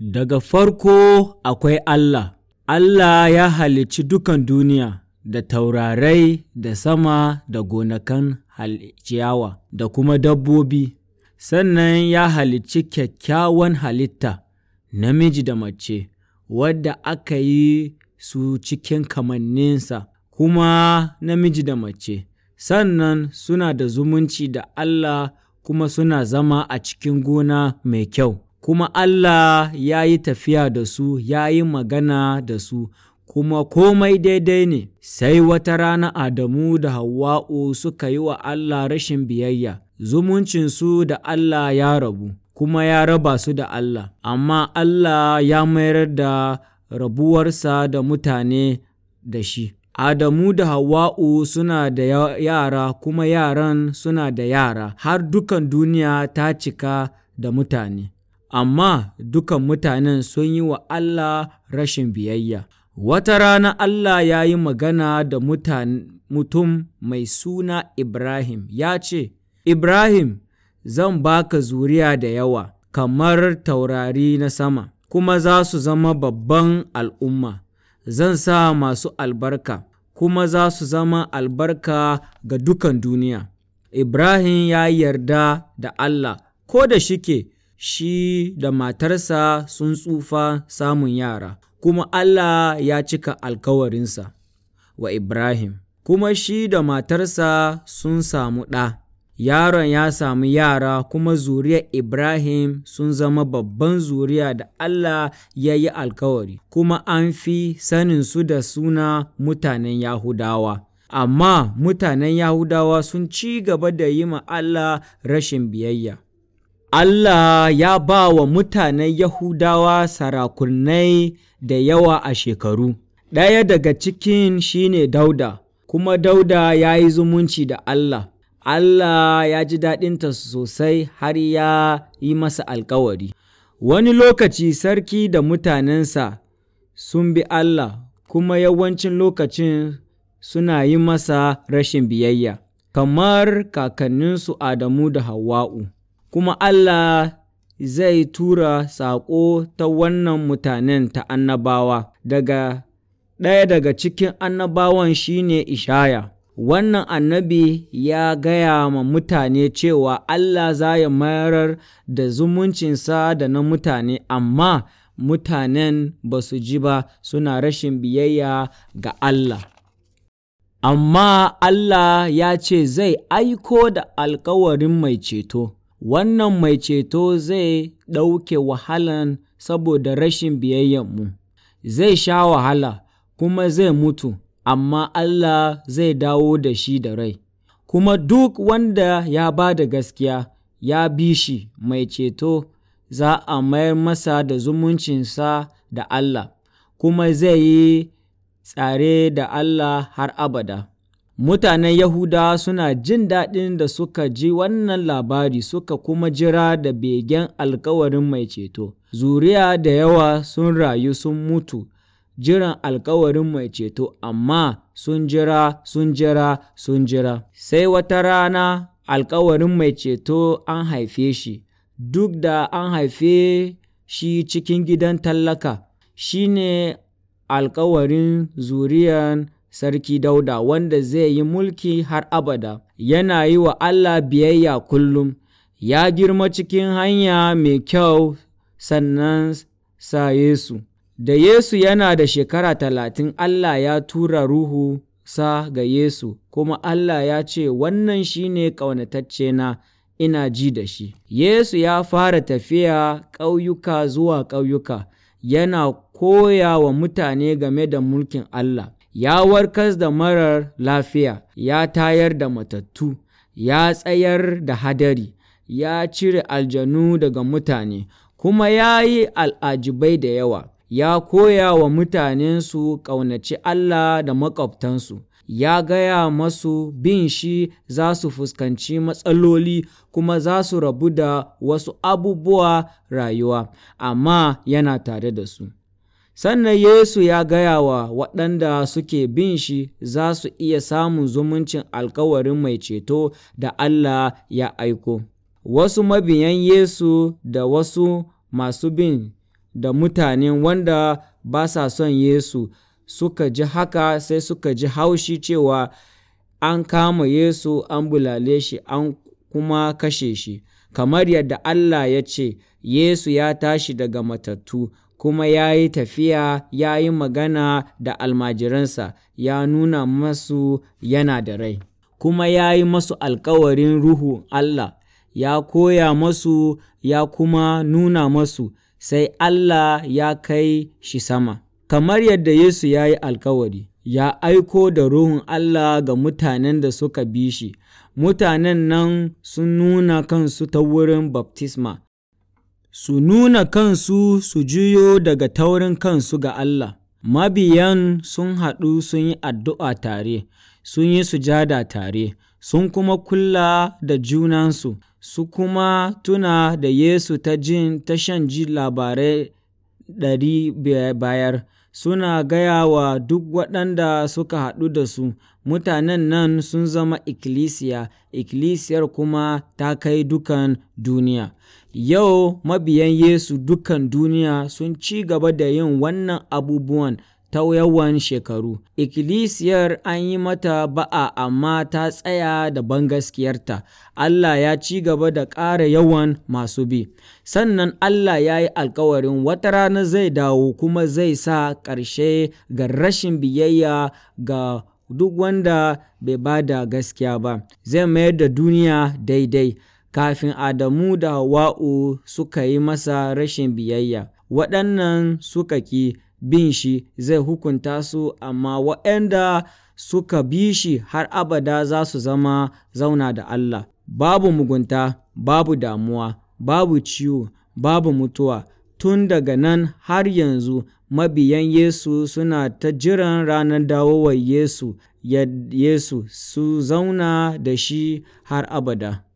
Daga farko akwai Allah, Allah ya halicci dukan duniya da taurarai da sama da gonakan ciyawa da kuma dabbobi, sannan ya halicci kyakkyawan halitta namiji da mace, wadda aka yi su cikin kamanninsa, kuma namiji da mace, sannan suna da zumunci da Allah kuma suna zama a cikin gona mai kyau. kuma Allah ya yi tafiya da su ya yi magana da su kuma komai daidai ne sai wata rana Adamu da Hawwa'u suka yi wa Allah rashin biyayya zumuncinsu da Allah ya rabu kuma ya raba su da Allah amma Allah ya mayar da rabuwarsa da mutane da shi Adamu da Hawwa'u suna da yara kuma yaran suna da yara har dukan duniya ta cika da mutane. amma dukan mutanen sun yi wa Allah rashin biyayya. Wata rana Allah ya yi magana da mutum mai suna Ibrahim ya ce, Ibrahim, zan baka zuriya da yawa, kamar taurari na sama, kuma za su zama babban al'umma, zan sa masu albarka, kuma za su zama albarka ga dukan duniya. Ibrahim ya yarda da Allah, ko da shike shi da matarsa sun tsufa samun yara, kuma Allah ya cika alkawarinsa wa Ibrahim, kuma shi da matarsa sun samu ɗa. Yaron ya samu yara kuma zuriyar Ibrahim sun zama babban zuriya da Allah ya yi alkawari, kuma an fi saninsu da suna mutanen Yahudawa. Amma mutanen Yahudawa sun ci gaba da yi ma Allah rashin biyayya. Allah ya ba wa mutanen Yahudawa sarakunai da yawa a shekaru, ɗaya daga cikin shi ne Dauda, kuma Dauda ya yi zumunci da Allah. Allah ya ji daɗinta sosai har ya yi masa alkawari. Wani lokaci sarki da mutanensa sun bi Allah, kuma yawancin lokacin suna yi masa rashin biyayya, kamar kakanninsu Adamu da Hawwa'u. kuma Allah zai tura saƙo ta wannan mutanen ta annabawa daga ɗaya daga cikin annabawan shine ishaya wannan annabi ya gaya ma mutane cewa Allah za ya mayar da zumuncinsa da na mutane amma mutanen ba su ji ba suna rashin biyayya ga Allah amma Allah ya ce zai aiko da alkawarin mai ceto wannan mai ceto zai ɗauke wahalan saboda rashin biyayyanmu, zai sha wahala kuma zai mutu, amma Allah zai dawo da shi da rai. Kuma duk wanda ya ba da gaskiya ya bi shi mai ceto za a mayar masa da zumuncinsa da Allah, kuma zai yi tsare da Allah har abada. Mutanen Yahuda suna jin daɗin da suka ji wannan labari suka kuma jira da begen alkawarin mai ceto. Zuriya da yawa sun rayu sun mutu jiran alkawarin mai ceto, amma sun jira, sun jira, sun jira. Sai wata rana alkawarin mai ceto an haife shi, duk da an haife shi cikin gidan tallaka, shi ne alkawarin zuriyan sarki dauda wanda zai yi mulki har abada yana yi wa allah biyayya kullum ya girma cikin hanya mai kyau sannan sa yesu da yesu yana da shekara talatin allah ya tura ruhu sa ga yesu kuma allah ya ce wannan shine ƙaunatacce na ina ji da shi yesu ya fara tafiya ƙauyuka zuwa ƙauyuka yana koya wa mutane game da mulkin allah ya warkas da marar lafiya, ya tayar da matattu, ya tsayar da hadari, ya cire aljanu daga mutane, kuma ya yi al'ajibai da yawa, ya koya wa mutanensu ƙaunaci Allah da maƙwabtansu. Ya gaya masu bin shi za su fuskanci matsaloli kuma za su rabu da wasu abubuwa rayuwa, amma yana tare da su. Sannan Yesu ya gaya wa waɗanda suke bin shi za su iya samun zumuncin alkawarin mai ceto da Allah ya aiko. Wasu mabiyan Yesu da wasu masu bin da mutane wanda ba sa son Yesu suka ji haka sai suka ji haushi cewa an kama Yesu an bulale shi an kuma kashe shi, kamar yadda Allah ya ce, Yesu ya tashi daga matattu, kuma ya yi tafiya ya yi magana da almajiransa ya nuna masu yana da rai kuma ya yi masu alkawarin ruhu Allah ya koya masu ya kuma nuna masu sai Allah ya kai shi sama kamar yadda Yesu ya yi alkawari ya aiko da ruhun Allah ga mutanen da suka bi shi mutanen nan sun nuna kansu ta wurin baptisma su nuna kansu su juyo daga taurin kansu ga Allah. Mabiyan sun haɗu sun yi addu'a tare, sun yi sujada tare, sun kuma kula da junansu, su kuma tuna da Yesu ta jin ta shan ji labarai ɗari bayar. suna gaya wa duk waɗanda suka haɗu da su, Mutanen nan sun zama ikkilisiya, ikkilisiyar kuma ta kai dukan duniya. Yau mabiyan Yesu dukan duniya sun ci gaba da yin wannan abubuwan ta yawan shekaru. ikilisiyar an yi mata ba'a amma ta tsaya da bangaskiyarta, Allah ya ci gaba da ƙara yawan masu bi. Sannan Allah ya yi alkawarin wata rana zai dawo kuma zai sa ƙarshe ga rashin biyayya ga duk wanda bai ba da gaskiya ba, zai mayar da duniya daidai. Kafin Adamu da Hawa'u suka yi masa rashin biyayya, waɗannan suka ki bin shi zai hukunta su amma waɗanda suka bi shi har abada za su zama zauna da Allah. Babu mugunta, babu damuwa, babu ciwo, babu mutuwa, tun daga nan har yanzu mabiyan Yesu suna ta jiran ranar dawowar Yesu, Yesu su zauna da shi har abada.